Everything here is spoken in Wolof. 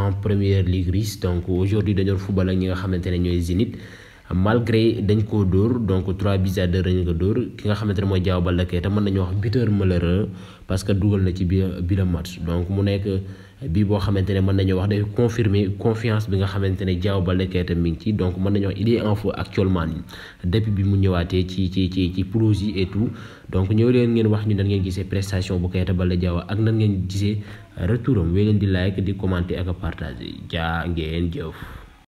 en première ligue russe donc aujourd'hui le football ak ñi nga xamante ne malgré dañ ko dor donc 3 bis à 2 ko dor ki nga xamantene moy jawbal da kay te man nañu wax buteur malheureux parce que dougal na ci bi le match donc mu nek bi bo xamantene man nañu wax day confirmer confiance bi nga xamantene jawbal da kay te ming ci donc man nañu wax il est en feu actuellement depuis bi mu ñëwaaté ci ci ci ci projet et tout donc ñëw leen ngeen wax ñu nan ngeen gisé prestation bu kay balla jawa ak nan ngeen gisé retouram wé leen di like di commenter ak partager ja ngeen jëf